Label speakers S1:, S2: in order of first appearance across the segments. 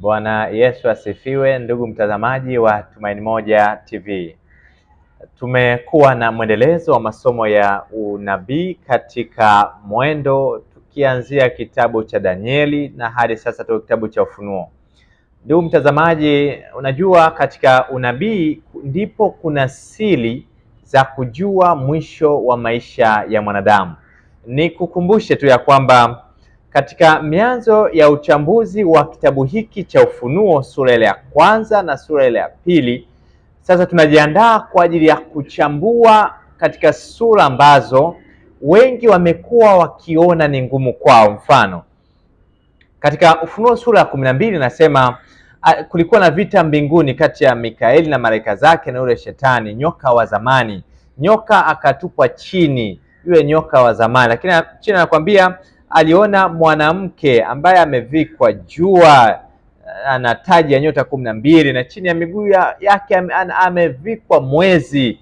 S1: Bwana Yesu asifiwe, ndugu mtazamaji wa Tumaini Moja TV. Tumekuwa na mwendelezo wa masomo ya unabii katika mwendo, tukianzia kitabu cha Danieli na hadi sasa tuko kitabu cha Ufunuo. Ndugu mtazamaji, unajua katika unabii ndipo kuna siri za kujua mwisho wa maisha ya mwanadamu. Nikukumbushe tu ya kwamba katika mianzo ya uchambuzi wa kitabu hiki cha Ufunuo sura ile ya kwanza na sura ile ya pili, sasa tunajiandaa kwa ajili ya kuchambua katika sura ambazo wengi wamekuwa wakiona ni ngumu kwao. Mfano, katika Ufunuo sura ya kumi na mbili inasema kulikuwa na vita mbinguni kati ya Mikaeli na malaika zake na yule shetani nyoka wa zamani. Nyoka akatupwa chini, yule nyoka wa zamani, lakini chini anakuambia aliona mwanamke ambaye amevikwa jua, ana taji ya nyota kumi na mbili na chini ya miguu yake amevikwa mwezi,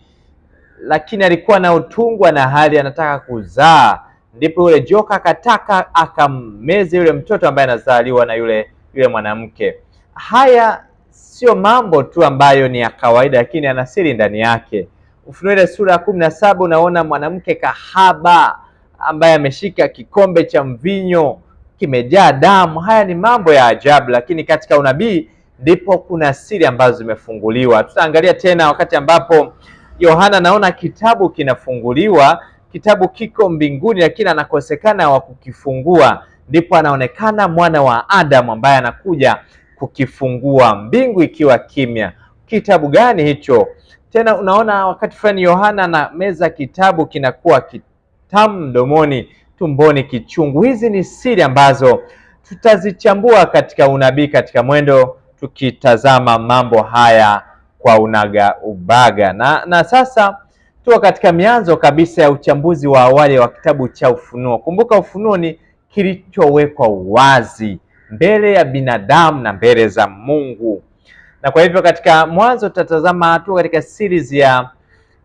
S1: lakini alikuwa na utungwa na hali anataka kuzaa. Ndipo yule joka akataka akammeze yule mtoto ambaye anazaliwa na yule yule mwanamke. Haya sio mambo tu ambayo ni ya kawaida, lakini ana siri ndani yake. Ufunuo ile sura ya kumi na saba unaona mwanamke kahaba ambaye ameshika kikombe cha mvinyo kimejaa damu. Haya ni mambo ya ajabu, lakini katika unabii ndipo kuna siri ambazo zimefunguliwa. Tutaangalia tena wakati ambapo Yohana naona kitabu kinafunguliwa, kitabu kiko mbinguni, lakini anakosekana wa kukifungua. Ndipo anaonekana mwana wa Adamu ambaye anakuja kukifungua, mbingu ikiwa kimya. Kitabu gani hicho? Tena unaona wakati fulani Yohana anameza kitabu kinakuwa kit tamu mdomoni, tumboni kichungu. Hizi ni siri ambazo tutazichambua katika unabii katika mwendo, tukitazama mambo haya kwa unaga ubaga. Na, na sasa tuko katika mianzo kabisa ya uchambuzi wa awali wa kitabu cha Ufunuo. Kumbuka, Ufunuo ni kilichowekwa wazi mbele ya binadamu na mbele za Mungu, na kwa hivyo katika Mwanzo tutatazama hatua katika series ya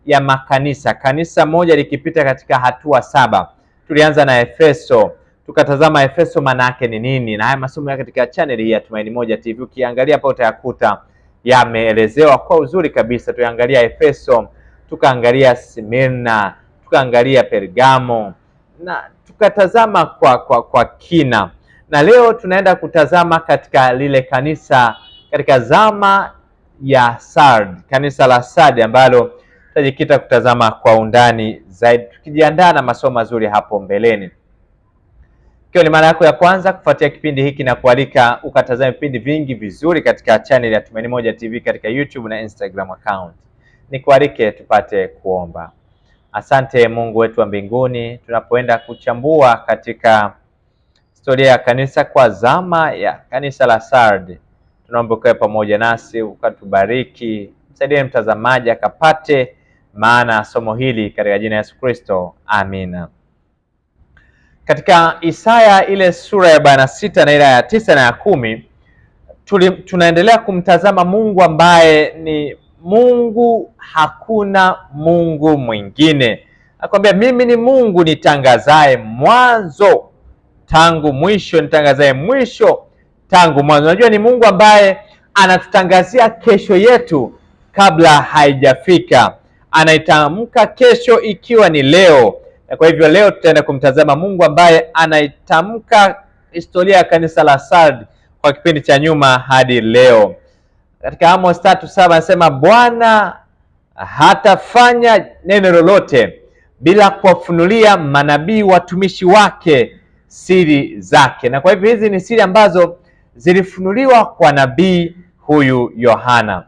S1: ya makanisa, kanisa moja likipita katika hatua saba. Tulianza na Efeso, tukatazama Efeso maana yake ni nini, na haya masomo ya katika chaneli hii ya Tumaini Moja TV ukiangalia hapa utayakuta yameelezewa kwa uzuri kabisa. tuangalia Efeso, tukaangalia Smyrna, tukaangalia Pergamo na tukatazama kwa, kwa, kwa kina, na leo tunaenda kutazama katika lile kanisa katika zama ya Sard, kanisa la Sard ambalo tutajikita kutazama kwa undani zaidi, tukijiandaa na masomo mazuri hapo mbeleni. Ikiwa ni mara yako ya kwanza kufuatia kipindi hiki, na kualika ukatazame vipindi vingi vizuri katika channel ya Tumaini Moja TV katika YouTube na Instagram account. Nikualike tupate kuomba. Asante Mungu wetu wa mbinguni, tunapoenda kuchambua katika historia ya kanisa kwa zama ya kanisa la Sardi, tunaomba ukawe pamoja nasi ukatubariki, msaidie mtazamaji akapate maana ya somo hili katika jina Yesu Kristo, amina. Katika Isaya ile sura ya arobaini na sita na ile ya tisa na ya kumi tuli, tunaendelea kumtazama Mungu ambaye ni Mungu, hakuna Mungu mwingine. Akwambia, mimi ni Mungu nitangazaye mwanzo tangu mwisho, nitangazaye mwisho tangu mwanzo. Unajua ni Mungu ambaye anatutangazia kesho yetu kabla haijafika anaitamka kesho ikiwa ni leo. Kwa hivyo leo tutaenda kumtazama Mungu ambaye anaitamka historia ya kanisa la Sard kwa kipindi cha nyuma hadi leo. Katika Amos tatu saba anasema Bwana hatafanya neno lolote bila kuwafunulia manabii watumishi wake siri zake. Na kwa hivyo hizi ni siri ambazo zilifunuliwa kwa nabii huyu Yohana.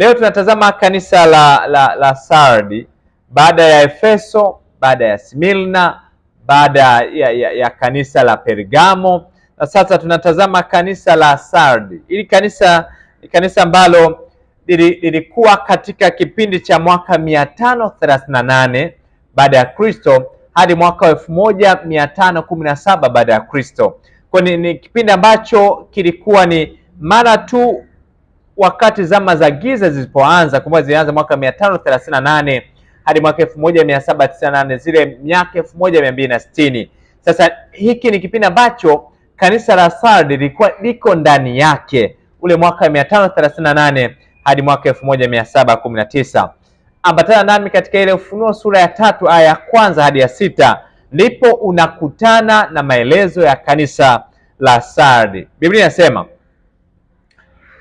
S1: Leo tunatazama kanisa la, la, la Sardi baada ya Efeso, baada ya Smyrna, baada ya, ya, ya kanisa la Pergamo na sasa tunatazama kanisa la Sardi. Hili kanisa ni kanisa ambalo lilikuwa katika kipindi cha mwaka 538 baada ya Kristo hadi mwaka wa 1517 baada ya Kristo. Kwa ni, ni kipindi ambacho kilikuwa ni mara tu wakati zama za giza zilipoanza, kumbuka zilianza mwaka 538 hadi mwaka 1798, zile miaka 1260. Sasa hiki ni kipindi ambacho kanisa la Sardi lilikuwa liko ndani yake, ule mwaka 538 hadi mwaka 1719. Ambatana nami katika ile Ufunuo sura ya tatu aya ya kwanza hadi ya sita ndipo unakutana na maelezo ya kanisa la Sardi. Biblia inasema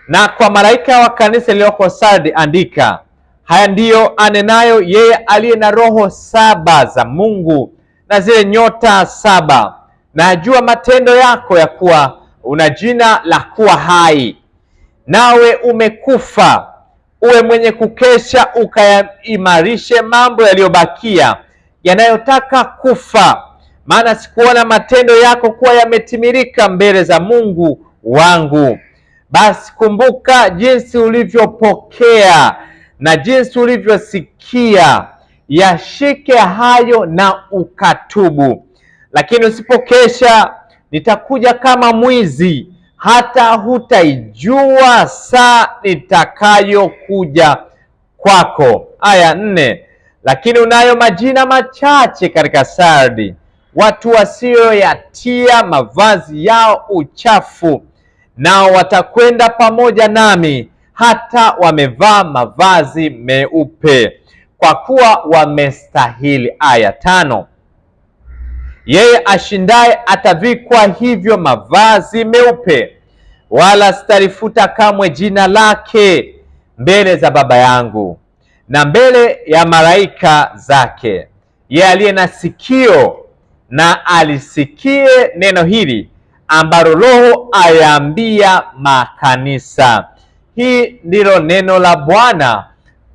S1: na kwa malaika wa kanisa iliyoko Sardi andika, haya ndiyo anenayo yeye aliye na roho saba za Mungu na zile nyota saba. Najua matendo yako ya kuwa una jina la kuwa hai, nawe umekufa. Uwe mwenye kukesha, ukayaimarishe mambo yaliyobakia yanayotaka kufa, maana sikuona matendo yako kuwa yametimilika mbele za Mungu wangu basi kumbuka jinsi ulivyopokea na jinsi ulivyosikia, yashike hayo na ukatubu. Lakini usipokesha, nitakuja kama mwizi, hata hutaijua saa nitakayokuja kwako. Aya nne. Lakini unayo majina machache katika Sardi, watu wasiyoyatia mavazi yao uchafu nao watakwenda pamoja nami, hata wamevaa mavazi meupe, kwa kuwa wamestahili. Aya tano. Yeye ashindaye atavikwa hivyo mavazi meupe, wala sitalifuta kamwe jina lake mbele za Baba yangu na mbele ya malaika zake. Yeye aliye na sikio na alisikie neno hili ambalo Roho ayaambia makanisa. Hii ndilo neno la Bwana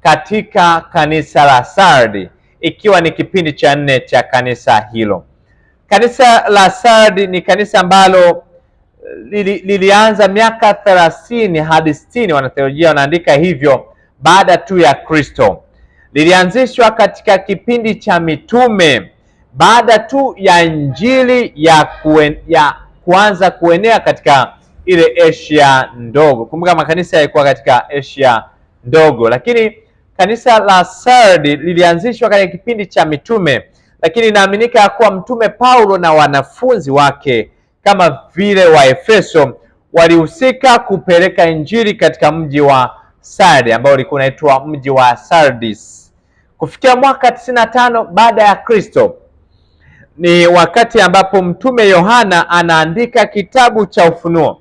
S1: katika kanisa la Sardi, ikiwa ni kipindi cha nne cha kanisa hilo. Kanisa la Sardi ni kanisa ambalo eh, lilianza miaka thelathini hadi sitini, wanatheolojia wanaandika hivyo, baada tu ya Kristo. Lilianzishwa katika kipindi cha mitume baada tu ya injili ya, kuen, ya kuanza kuenea katika ile Asia ndogo. Kumbuka makanisa yalikuwa katika Asia ndogo, lakini kanisa la Sardi lilianzishwa katika kipindi cha mitume, lakini inaaminika ya kuwa mtume Paulo na wanafunzi wake kama vile wa Efeso walihusika kupeleka injili katika mji wa Sardi ambao ulikuwa unaitwa mji wa Sardis. Kufikia mwaka 95 baada ya Kristo ni wakati ambapo Mtume Yohana anaandika kitabu cha Ufunuo.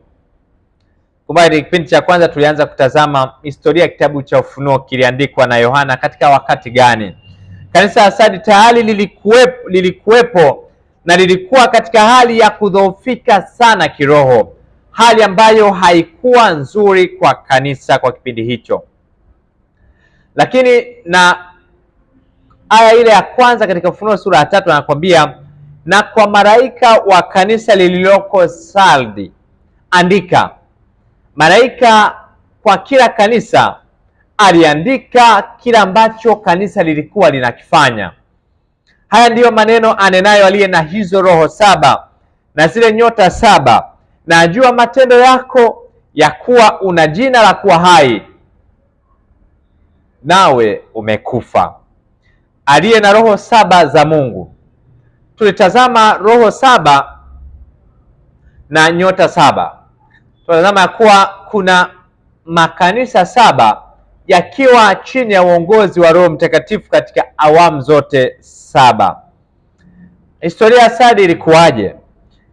S1: Kumbuka kipindi cha kwanza tulianza kutazama historia ya kitabu cha Ufunuo kiliandikwa na Yohana katika wakati gani. Kanisa la Sardi tayari lilikuwepo, lilikuwepo na lilikuwa katika hali ya kudhoofika sana kiroho, hali ambayo haikuwa nzuri kwa kanisa kwa kipindi hicho, lakini na aya ile ya kwanza katika Ufunuo sura ya tatu anakwambia na kwa malaika wa kanisa lililoko Sardi andika. Malaika kwa kila kanisa aliandika kila ambacho kanisa lilikuwa linakifanya. Haya ndiyo maneno anenayo aliye na hizo roho saba na zile nyota saba, na ajua matendo yako ya kuwa una jina la kuwa hai, nawe umekufa. Aliye na roho saba za Mungu tulitazama roho saba na nyota saba. Tunatazama ya kuwa kuna makanisa saba yakiwa chini ya uongozi wa Roho Mtakatifu katika awamu zote saba. Historia ya Sardi ilikuwaje?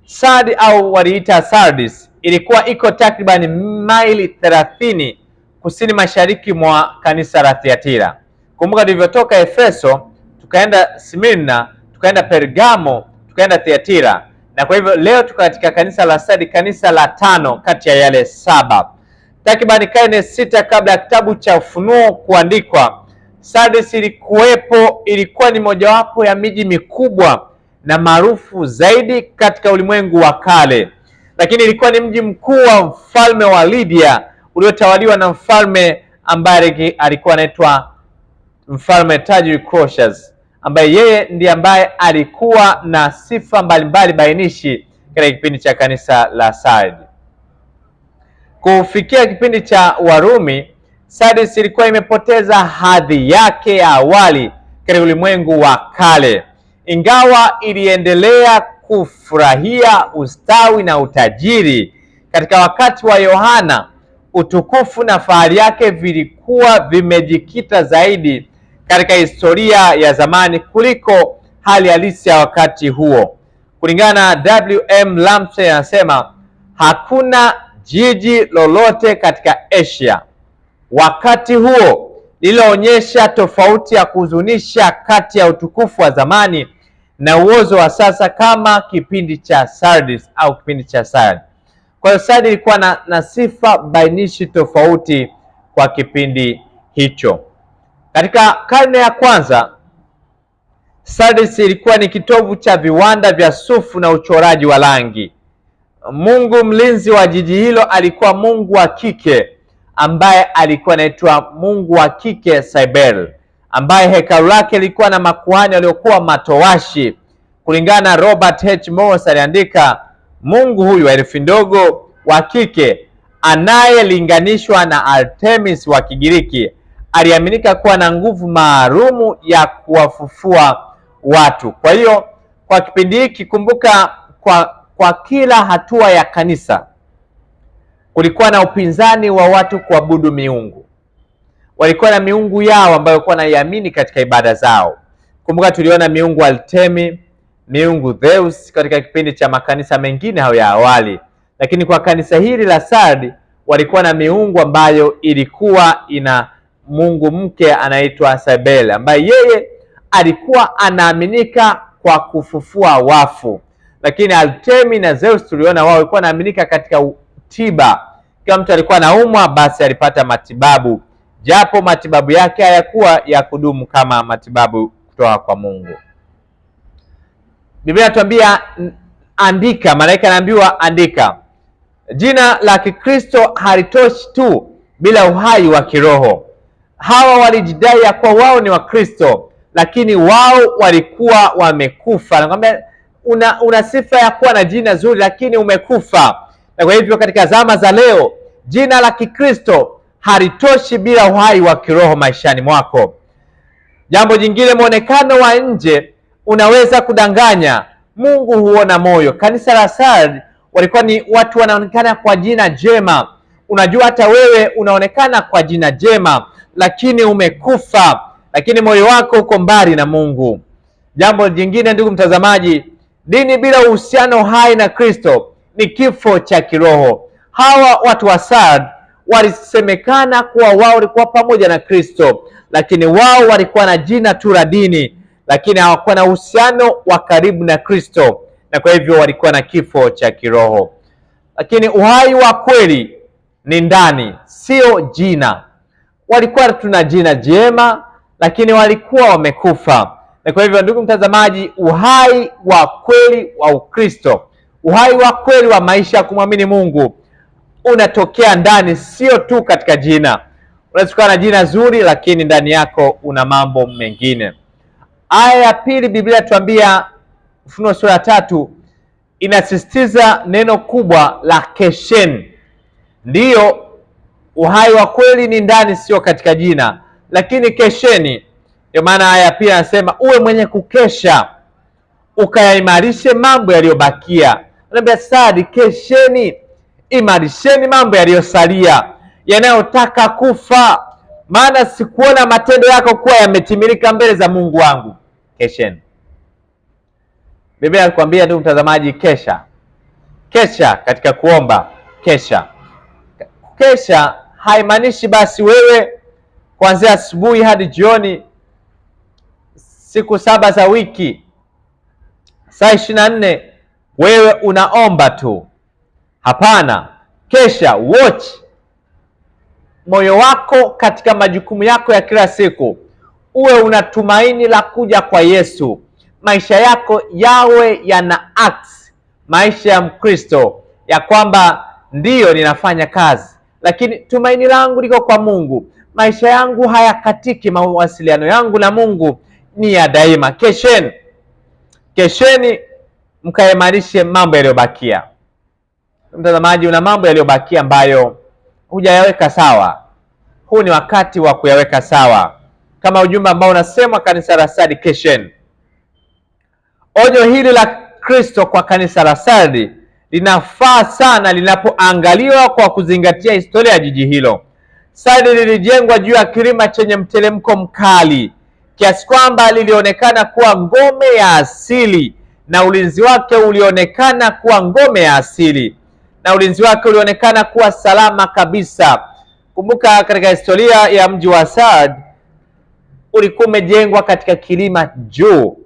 S1: Sardi au waliita Sardis ilikuwa iko takribani maili thelathini kusini mashariki mwa kanisa la Thiatira. Kumbuka tulivyotoka Efeso tukaenda Smirna, tukaenda Pergamo, tukaenda Thiatira, na kwa hivyo leo tuko katika kanisa la Sadi, kanisa la tano kati ya yale saba. Takribani karne sita kabla ya kitabu cha Ufunuo kuandikwa, Sardes ilikuwepo, ilikuwa ni mojawapo ya miji mikubwa na maarufu zaidi katika ulimwengu wa kale, lakini ilikuwa ni mji mkuu wa mfalme wa Lydia uliotawaliwa na mfalme ambaye alikuwa anaitwa mfalme Tadeusz Claudius ambaye yeye ndiye ambaye alikuwa na sifa mbalimbali bainishi katika kipindi cha kanisa la Sardi. Kufikia kipindi cha Warumi, Sardis ilikuwa imepoteza hadhi yake ya awali katika ulimwengu wa kale, ingawa iliendelea kufurahia ustawi na utajiri. Katika wakati wa Yohana, utukufu na fahari yake vilikuwa vimejikita zaidi katika historia ya zamani kuliko hali halisi ya wakati huo. Kulingana na WM Lamsey anasema hakuna jiji lolote katika Asia wakati huo lililoonyesha tofauti ya kuhuzunisha kati ya utukufu wa zamani na uozo wa sasa kama kipindi cha Sardis au kipindi cha Sard. Kwa hiyo Sard ilikuwa na, na sifa bainishi tofauti kwa kipindi hicho. Katika karne ya kwanza, Sardis ilikuwa ni kitovu cha viwanda vya sufu na uchoraji wa rangi. Mungu mlinzi wa jiji hilo alikuwa mungu wa kike ambaye alikuwa anaitwa mungu wa kike Cybel, ambaye hekalu lake lilikuwa na makuhani waliokuwa matowashi. Kulingana na Robert H. Morris aliandika, mungu huyu wa herufi ndogo wa kike anayelinganishwa na Artemis wa Kigiriki aliaminika kuwa na nguvu maalumu ya kuwafufua watu. Kwa hiyo kwa kipindi hiki kumbuka, kwa, kwa kila hatua ya kanisa kulikuwa na upinzani wa watu kuabudu miungu. Walikuwa na miungu yao ambayo walikuwa wanaiamini katika ibada zao. Kumbuka tuliona miungu Artemi, miungu Zeus katika kipindi cha makanisa mengine hayo ya awali, lakini kwa kanisa hili la Sardi walikuwa na miungu ambayo ilikuwa ina mungu mke anaitwa Sabele, ambaye yeye alikuwa anaaminika kwa kufufua wafu, lakini Artemi na Zeus tuliona wao walikuwa wanaaminika katika tiba. Kama mtu alikuwa anaumwa, basi alipata matibabu, japo matibabu yake hayakuwa ya kudumu kama matibabu kutoka kwa Mungu. Biblia inatuambia andika, malaika anaambiwa andika. Jina la Kikristo halitoshi tu bila uhai wa kiroho hawa walijidai ya kuwa wao ni Wakristo, lakini wao walikuwa wamekufa. Anakwambia una, una sifa ya kuwa na jina zuri, lakini umekufa. Na kwa hivyo katika zama za leo jina la Kikristo halitoshi bila uhai wa kiroho maishani mwako. Jambo jingine, mwonekano wa nje unaweza kudanganya. Mungu huona moyo. Kanisa la Sard walikuwa ni watu wanaonekana kwa jina jema. Unajua, hata wewe unaonekana kwa jina jema, lakini umekufa, lakini moyo wako uko mbali na Mungu. Jambo jingine, ndugu mtazamaji, dini bila uhusiano hai na Kristo ni kifo cha kiroho. Hawa watu wa Sardi walisemekana kuwa wao walikuwa pamoja na Kristo, lakini wao walikuwa na jina tu la dini, lakini hawakuwa na uhusiano wa karibu na Kristo, na kwa hivyo walikuwa na kifo cha kiroho. Lakini uhai wa kweli ni ndani, sio jina walikuwa tuna jina jema, lakini walikuwa wamekufa. Na kwa hivyo, ndugu mtazamaji, uhai wa kweli wa Ukristo, uhai wa kweli wa maisha ya kumwamini Mungu unatokea ndani, sio tu katika jina. Unaweza kuwa na jina zuri, lakini ndani yako una mambo mengine. Aya ya pili Biblia tuambia, Ufunuo sura ya tatu, inasisitiza neno kubwa la kesheni, ndiyo Uhai wa kweli ni ndani, sio katika jina. Lakini kesheni. Ndio maana haya pia anasema uwe mwenye kukesha ukayaimarishe mambo yaliyobakia. Anaambia Sadi, kesheni, imarisheni mambo yaliyosalia yanayotaka kufa, maana sikuona matendo yako kuwa yametimilika mbele za Mungu wangu. Kesheni. Biblia inakwambia ndugu mtazamaji, kesha, kesha katika kuomba, kesha. Kesha haimaanishi basi wewe kuanzia asubuhi hadi jioni siku saba za wiki saa ishirini na nne wewe unaomba tu. Hapana, kesha watch moyo wako katika majukumu yako ya kila siku, uwe una tumaini la kuja kwa Yesu. Maisha yako yawe yana acts maisha ya Mkristo, ya kwamba ndiyo ninafanya kazi lakini tumaini langu liko kwa Mungu. Maisha yangu hayakatiki, mawasiliano yangu na Mungu ni ya daima. Kesheni, kesheni mkaimarishe mambo yaliyobakia. Mtazamaji, una mambo yaliyobakia ambayo hujayaweka sawa, huu ni wakati wa kuyaweka sawa, kama ujumbe ambao unasemwa kanisa la Sardi, kesheni. Onyo hili la Kristo kwa kanisa la Sardi linafaa sana linapoangaliwa kwa kuzingatia historia ya jiji hilo. Sadi lilijengwa juu ya kilima chenye mteremko mkali kiasi kwamba lilionekana kuwa ngome ya asili na ulinzi wake ulionekana kuwa ngome ya asili na ulinzi wake ulionekana kuwa salama kabisa. Kumbuka, katika historia ya mji wa Saad ulikuwa umejengwa katika kilima juu,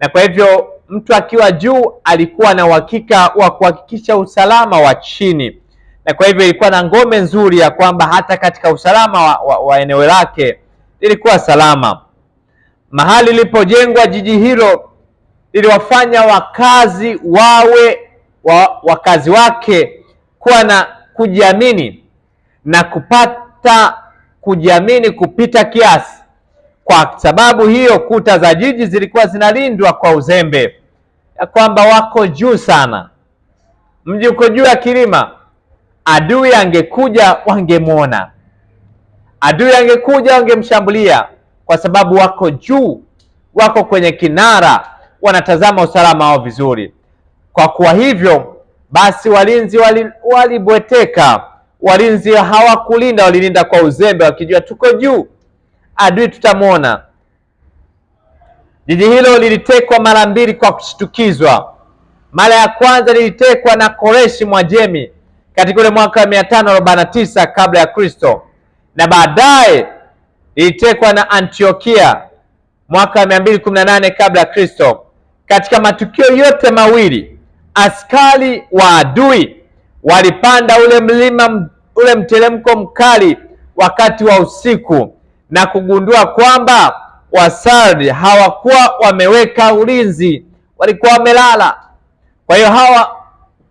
S1: na kwa hivyo mtu akiwa juu alikuwa na uhakika wa kuhakikisha usalama wa chini, na kwa hivyo ilikuwa na ngome nzuri ya kwamba hata katika usalama wa, wa, wa eneo lake lilikuwa salama. Mahali lilipojengwa jiji hilo liliwafanya wakazi wawe wa, wakazi wake kuwa na kujiamini na kupata kujiamini kupita kiasi kwa sababu hiyo, kuta za jiji zilikuwa zinalindwa kwa uzembe, ya kwamba wako juu sana, mji uko juu ya kilima. Adui angekuja wangemwona, adui angekuja wangemshambulia, kwa sababu wako juu, wako kwenye kinara, wanatazama usalama wao vizuri. Kwa kuwa hivyo basi, walinzi walibweteka, wali walinzi hawakulinda, walilinda kwa uzembe, wakijua tuko juu adui tutamwona. Jiji hilo lilitekwa mara mbili kwa kushtukizwa. Mara ya kwanza lilitekwa na Koreshi Mwajemi katika ule mwaka wa mia tano arobaini na tisa kabla ya Kristo, na baadaye lilitekwa na Antiokia mwaka wa mia mbili kumi na nane kabla ya Kristo. Katika matukio yote mawili, askari wa adui walipanda ule mlima, ule mteremko mkali wakati wa usiku na kugundua kwamba Wasardi hawakuwa wameweka ulinzi, walikuwa wamelala. Kwa hiyo hawa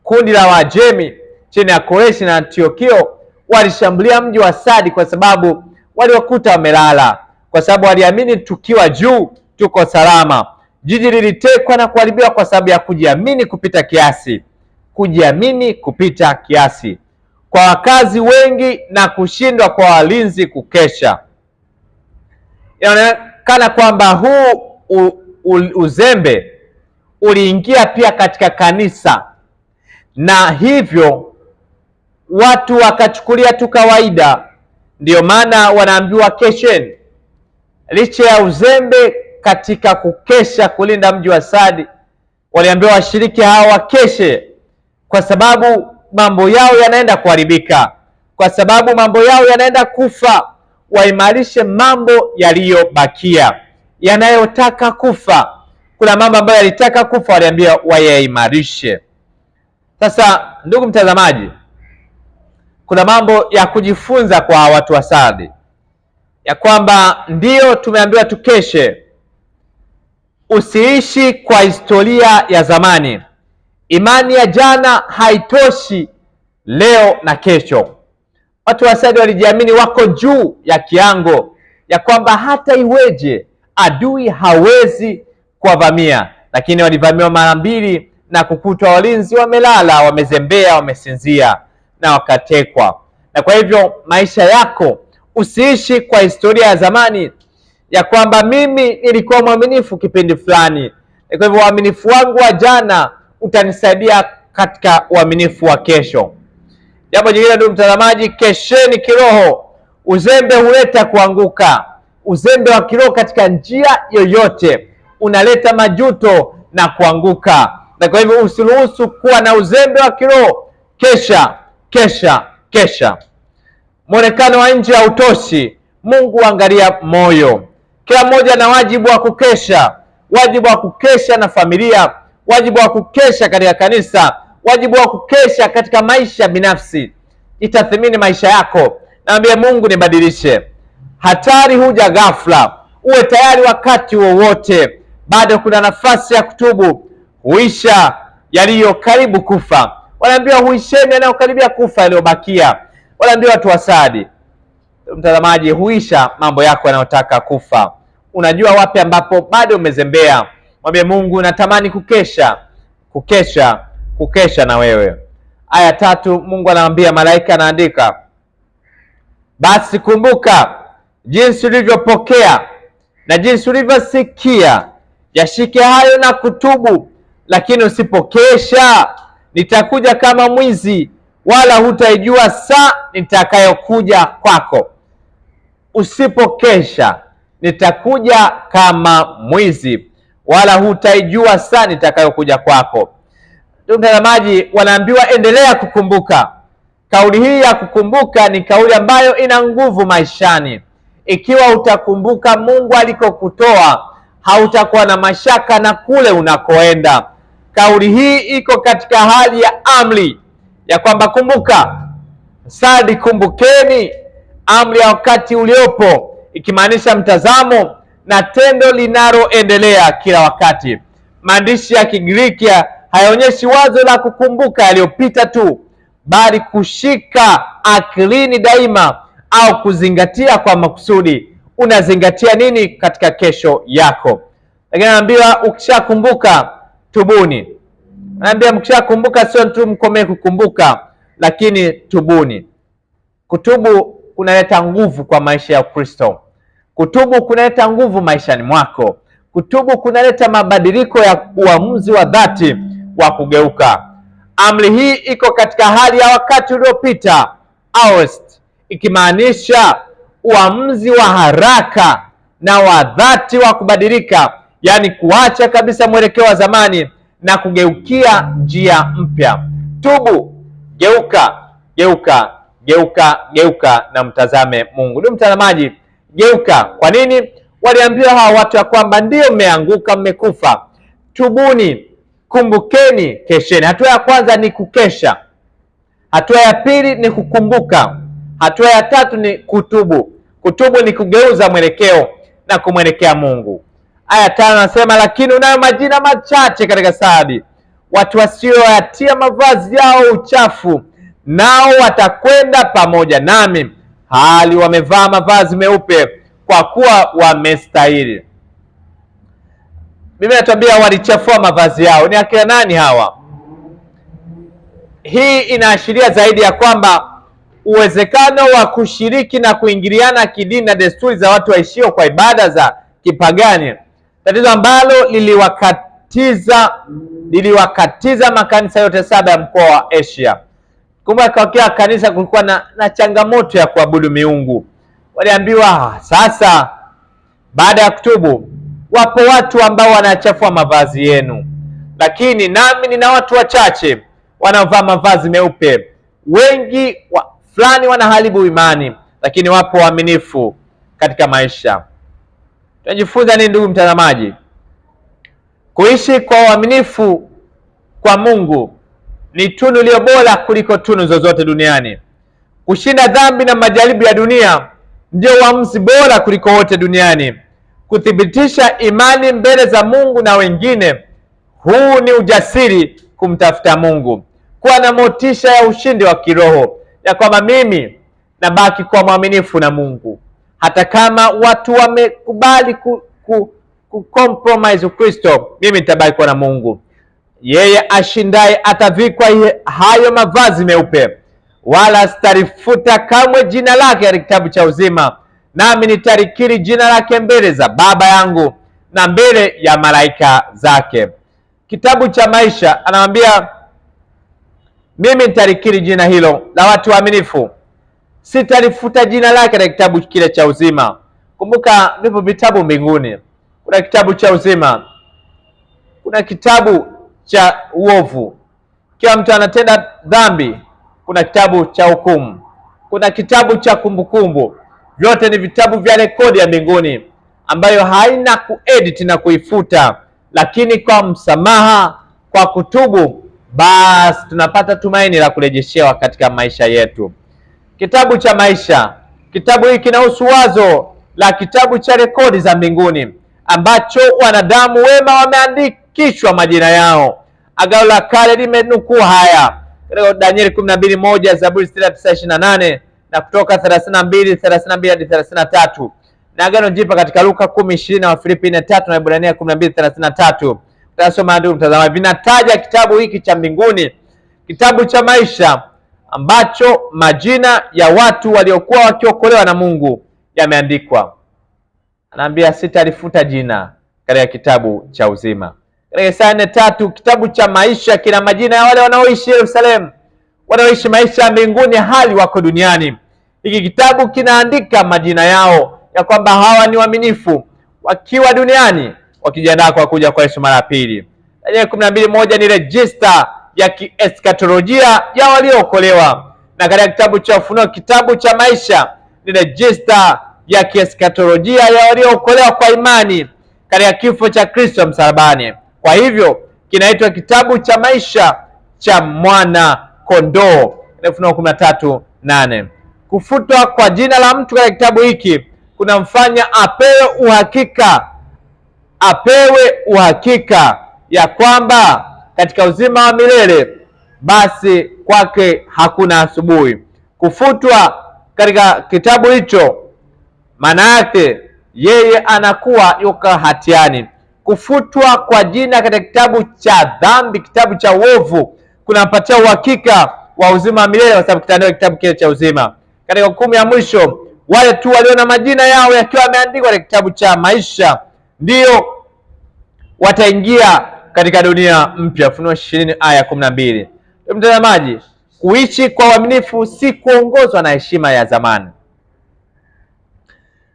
S1: kundi la Wajemi chini ya Koreshi na Antiokio walishambulia mji wa Sadi kwa sababu waliwakuta wamelala, kwa sababu waliamini tukiwa juu tuko salama. Jiji lilitekwa na kuharibiwa kwa sababu ya kujiamini kupita kiasi, kujiamini kupita kiasi kwa wakazi wengi na kushindwa kwa walinzi kukesha inaonekana kwamba huu u, u, uzembe uliingia pia katika kanisa na hivyo watu wakachukulia tu kawaida. Ndiyo maana wanaambiwa kesheni. Licha ya uzembe katika kukesha kulinda mji wa sadi waliambiwa washiriki hao wakeshe, kwa sababu mambo yao yanaenda kuharibika, kwa sababu mambo yao yanaenda kufa waimarishe mambo yaliyobakia yanayotaka kufa. Kuna mambo ambayo yalitaka kufa, waliambiwa wayaimarishe. Sasa ndugu mtazamaji, kuna mambo ya kujifunza kwa watu wa Sardi ya kwamba ndiyo tumeambiwa tukeshe, usiishi kwa historia ya zamani. Imani ya jana haitoshi leo na kesho. Watu wa Saudi walijiamini wako juu ya kiango, ya kwamba hata iweje adui hawezi kuwavamia, lakini walivamiwa mara mbili na kukutwa walinzi wamelala, wamezembea, wamesinzia na wakatekwa. Na kwa hivyo maisha yako usiishi kwa historia ya zamani ya kwamba mimi nilikuwa mwaminifu kipindi fulani, kwa hivyo uaminifu wangu wa jana utanisaidia katika uaminifu wa kesho. Jambo jingine ndugu mtazamaji, kesheni kiroho. Uzembe huleta kuanguka. Uzembe wa kiroho katika njia yoyote unaleta majuto na kuanguka, na kwa hivyo usiruhusu kuwa na uzembe wa kiroho. Kesha, kesha, kesha. Mwonekano wa nje hautoshi, Mungu angalia moyo. Kila mmoja na wajibu wa kukesha, wajibu wa kukesha na familia, wajibu wa kukesha katika kanisa wajibu wa kukesha katika maisha binafsi. Itathimini maisha yako, naambia Mungu nibadilishe. Hatari huja ghafla, uwe tayari wakati wowote. Bado kuna nafasi ya kutubu. Huisha yaliyo karibu kufa, wanaambiwa huisheni yanayokaribia kufa, yaliyobakia wanaambiwa watu wa sadi. Mtazamaji, huisha mambo yako yanayotaka kufa. Unajua wapi ambapo bado umezembea? Mwambie Mungu, natamani kukesha, kukesha kukesha na wewe. Aya tatu, Mungu anaambia malaika, anaandika basi kumbuka jinsi ulivyopokea na jinsi ulivyosikia, yashike hayo na kutubu, lakini usipokesha nitakuja kama mwizi, wala hutaijua saa nitakayokuja kwako. Usipokesha nitakuja kama mwizi, wala hutaijua saa nitakayokuja kwako. Ndugu mtazamaji, wanaambiwa endelea kukumbuka. Kauli hii ya kukumbuka ni kauli ambayo ina nguvu maishani. Ikiwa utakumbuka Mungu alikokutoa, hautakuwa na mashaka na kule unakoenda. Kauli hii iko katika hali ya amri ya kwamba kumbuka, sadi, kumbukeni, amri ya wakati uliopo, ikimaanisha mtazamo na tendo linaloendelea kila wakati. Maandishi ya Kigiriki ya hayaonyeshi wazo la kukumbuka yaliyopita tu, bali kushika akilini daima au kuzingatia kwa makusudi. Unazingatia nini katika kesho yako? Lakini anaambiwa ukishakumbuka tubuni. Anaambia mkishakumbuka, sio tu mkomee kukumbuka, lakini tubuni. Kutubu kunaleta nguvu kwa maisha ya Kristo. Kutubu kunaleta nguvu maishani mwako. Kutubu kunaleta mabadiliko ya uamuzi wa dhati wa kugeuka. Amri hii iko katika hali ya wakati uliopita Aorist, ikimaanisha uamuzi wa haraka na wa dhati wa kubadilika, yaani kuacha kabisa mwelekeo wa zamani na kugeukia njia mpya. Tubu, geuka, geuka, geuka, geuka na mtazame Mungu. Ndio mtazamaji, geuka. Kwa nini waliambiwa hawa watu ya kwamba ndio mmeanguka, mmekufa? Tubuni, kumbukeni kesheni. Hatua ya kwanza ni kukesha, hatua ya pili ni kukumbuka, hatua ya tatu ni kutubu. Kutubu ni kugeuza mwelekeo na kumwelekea Mungu. Aya tano anasema, lakini unayo majina machache katika Sadi, watu wasioyatia mavazi yao uchafu, nao watakwenda pamoja nami, hali wamevaa mavazi meupe, kwa kuwa wamestahili. Biblia inatuambia walichafua mavazi yao. Ni akina nani hawa? Hii inaashiria zaidi ya kwamba uwezekano wa kushiriki na kuingiliana kidini na desturi za watu waishio kwa ibada za kipagani, tatizo ambalo liliwakatiza liliwakatiza makanisa yote saba ya mkoa wa Asia. Kumbuka kwa kila kanisa kulikuwa na, na changamoto ya kuabudu miungu. Waliambiwa ah, sasa, baada ya kutubu wapo watu ambao wanachafua mavazi yenu, lakini nami nina watu wachache wanaovaa mavazi meupe. Wengi wa, fulani wanaharibu imani, lakini wapo waaminifu katika maisha. Tunajifunza nini, ndugu mtazamaji? Kuishi kwa uaminifu kwa Mungu ni tunu iliyo bora kuliko tunu zozote duniani. Kushinda dhambi na majaribu ya dunia ndio uamuzi bora kuliko wote duniani kuthibitisha imani mbele za Mungu na wengine. Huu ni ujasiri kumtafuta Mungu, kuwa na motisha ya ushindi wa kiroho ya kwamba mimi nabaki kuwa mwaminifu na Mungu hata kama watu wamekubali ku, ku, ku compromise Ukristo, mimi nitabaki kuwa na Mungu. Yeye ashindaye atavikwa hayo mavazi meupe, wala sitalifuta kamwe jina lake katika kitabu cha uzima nami nitarikiri jina lake mbele za Baba yangu na mbele ya malaika zake. Kitabu cha maisha anamwambia, mimi nitarikiri jina hilo la watu waaminifu, sitalifuta jina lake na kitabu kile cha uzima. Kumbuka vipo vitabu mbinguni, kuna kitabu cha uzima, kuna kitabu cha uovu. Kila mtu anatenda dhambi, kuna kitabu cha hukumu, kuna kitabu cha kumbukumbu vyote ni vitabu vya rekodi ya mbinguni ambayo haina kuedit na kuifuta, lakini kwa msamaha, kwa kutubu, basi tunapata tumaini la kurejeshewa katika maisha yetu. Kitabu cha maisha, kitabu hiki kinahusu wazo la kitabu cha rekodi za mbinguni ambacho wanadamu wema wameandikishwa majina yao. Agano la Kale limenukuu haya Danieli kumi na mbili moja Zaburi sitini na tisa ishirini na nane na kutoka 32 32 hadi 33 na agano Jipya katika Luka 10:20 na Wafilipi 4:3 na Waebrania 12:33. Tutasoma ndugu mtazamaji, vinataja kitabu hiki cha mbinguni, kitabu cha maisha ambacho majina ya watu waliokuwa wakiokolewa na Mungu yameandikwa. Anaambia sitalifuta jina katika kitabu cha uzima. Katika Isaya nne tatu, kitabu cha maisha kina majina ya wale wanaoishi Yerusalemu, wanaoishi maisha ya mbinguni hali wako duniani. Hiki kitabu kinaandika majina yao ya kwamba hawa ni waaminifu wakiwa duniani wakijiandaa kwa kuja kwa Yesu mara pili. Danieli kumi na mbili moja ni rejista ya kieskatolojia ya waliookolewa, na katika kitabu cha Ufunuo, kitabu cha maisha ni rejista ya kieskatolojia ya waliookolewa kwa imani katika kifo cha Kristo msalabani. Kwa hivyo kinaitwa kitabu cha maisha cha mwana kondoo, Ufunuo kumi na tatu nane. Kufutwa kwa jina la mtu katika kitabu hiki kunamfanya apewe uhakika, apewe uhakika ya kwamba katika uzima wa milele basi kwake hakuna asubuhi. Kufutwa katika kitabu hicho, maana yake yeye anakuwa yuko hatiani. Kufutwa kwa jina katika kitabu cha dhambi, kitabu cha uovu, kunampatia uhakika wa uzima wa milele, kwa sababu kitaandikwa kitabu kile cha uzima katika hukumu ya mwisho, wale tu walio na majina yao yakiwa yameandikwa katika kitabu cha maisha ndiyo wataingia katika dunia mpya. Ufunuo ishirini aya kumi na mbili. Mtazamaji, kuishi kwa uaminifu si kuongozwa na heshima ya zamani.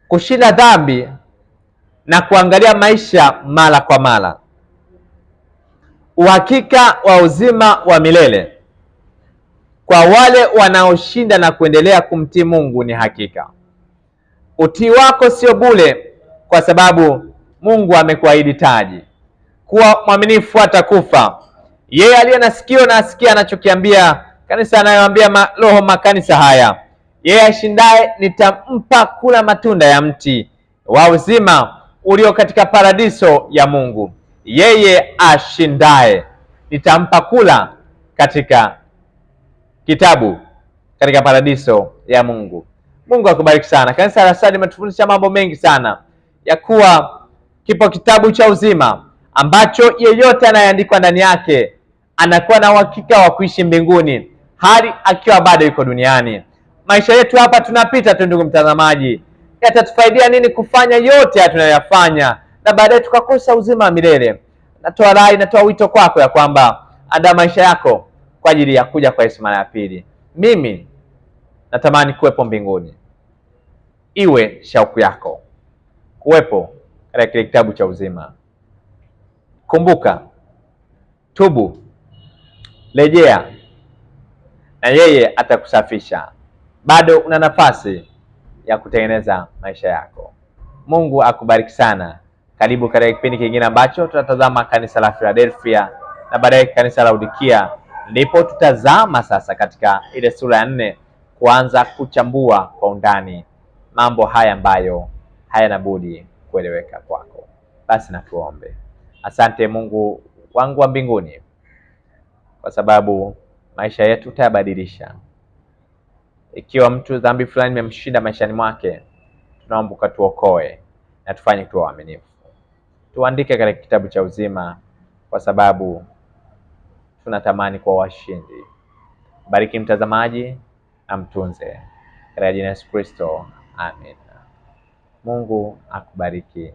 S1: Kushinda dhambi na kuangalia maisha mara kwa mara, uhakika wa uzima wa milele kwa wale wanaoshinda na kuendelea kumtii Mungu ni hakika. Utii wako sio bule kwa sababu Mungu amekuahidi taji. Kuwa mwaminifu atakufa Yeye aliye na sikio na asikia anachokiambia kanisa, anayoambia ma, roho makanisa haya. Yeye ashindaye nitampa kula matunda ya mti wa uzima ulio katika paradiso ya Mungu. Yeye ashindaye nitampa kula katika kitabu katika paradiso ya Mungu. Mungu akubariki sana. Kanisa la Sadi limetufundisha mambo mengi sana ya kuwa kipo kitabu cha uzima ambacho yeyote anayeandikwa ndani yake anakuwa na uhakika wa kuishi mbinguni hali akiwa bado yuko duniani. Maisha yetu hapa tunapita tu, ndugu mtazamaji, yatatufaidia nini kufanya yote tunayoyafanya na baadaye tukakosa uzima wa milele? Natoa rai, natoa wito kwako ya kwamba andaa maisha yako kwa ajili ya kuja kwa Yesu mara ya pili. Mimi natamani kuwepo mbinguni, iwe shauku yako kuwepo katika kile kitabu cha uzima. Kumbuka, tubu, rejea, na yeye atakusafisha. Bado una nafasi ya kutengeneza maisha yako. Mungu akubariki sana. Karibu katika kipindi kingine ambacho tunatazama kanisa la Philadelphia na baadaye kanisa la Laodikia ndipo tutazama sasa katika ile sura ya nne kuanza kuchambua kwa undani mambo haya ambayo hayana budi kueleweka kwako. Basi natuombe. Asante Mungu wangu wa mbinguni, kwa sababu maisha yetu utayabadilisha. Ikiwa mtu dhambi fulani imemshinda maishani mwake, tunaomba ukatuokoe na tufanye tuwa waaminifu, tuandike katika kitabu cha uzima, kwa sababu tunatamani kuwa washindi. Bariki mtazamaji amtunze mtunze katika jina la Yesu Kristo, amen. Mungu akubariki.